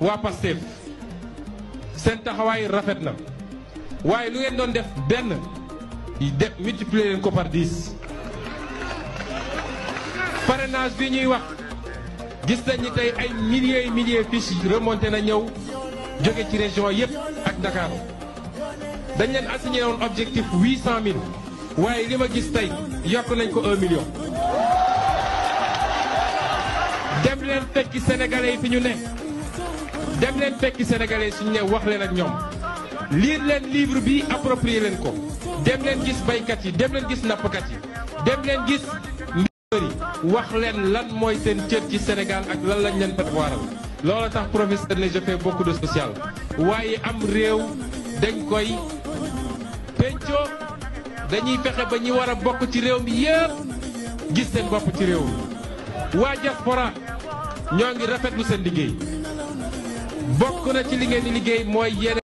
waa Pastef seen taxawaay rafet na waaye lu ngeen doon def benn de multiplier leen ko par 10 parrainage bi ñuy wax gis nañ ni tey ay milliers et milliers fiches remonté na ñëw jóge ci région yëpp ak Dakar dañ leen assigné woon objectif 800000 waaye li ma gis tey yokk nañ ko 1 million. dem leen fekki sénégalais yi fi ñu ne. dem leen fekki sénégalais suñu ne wax leen ak ñoom liir leen livre bi approprier leen ko dem leen gis baykat yi dem leen gis nappkat yi dem leen gis mbër yi wax leen lan mooy seen cër ci Sénégal ak lan lañ leen prévoiral loola tax professeur ne je fais beaucoup de social waaye am réew dañ koy penco dañuy fexe ba ñi war a bokk ci réew mi yépp gis seen bopp ci réew mi waa diaspora ñoo ngi rafetlu seen liggéey bokk na ci li ngeen di mooy yéen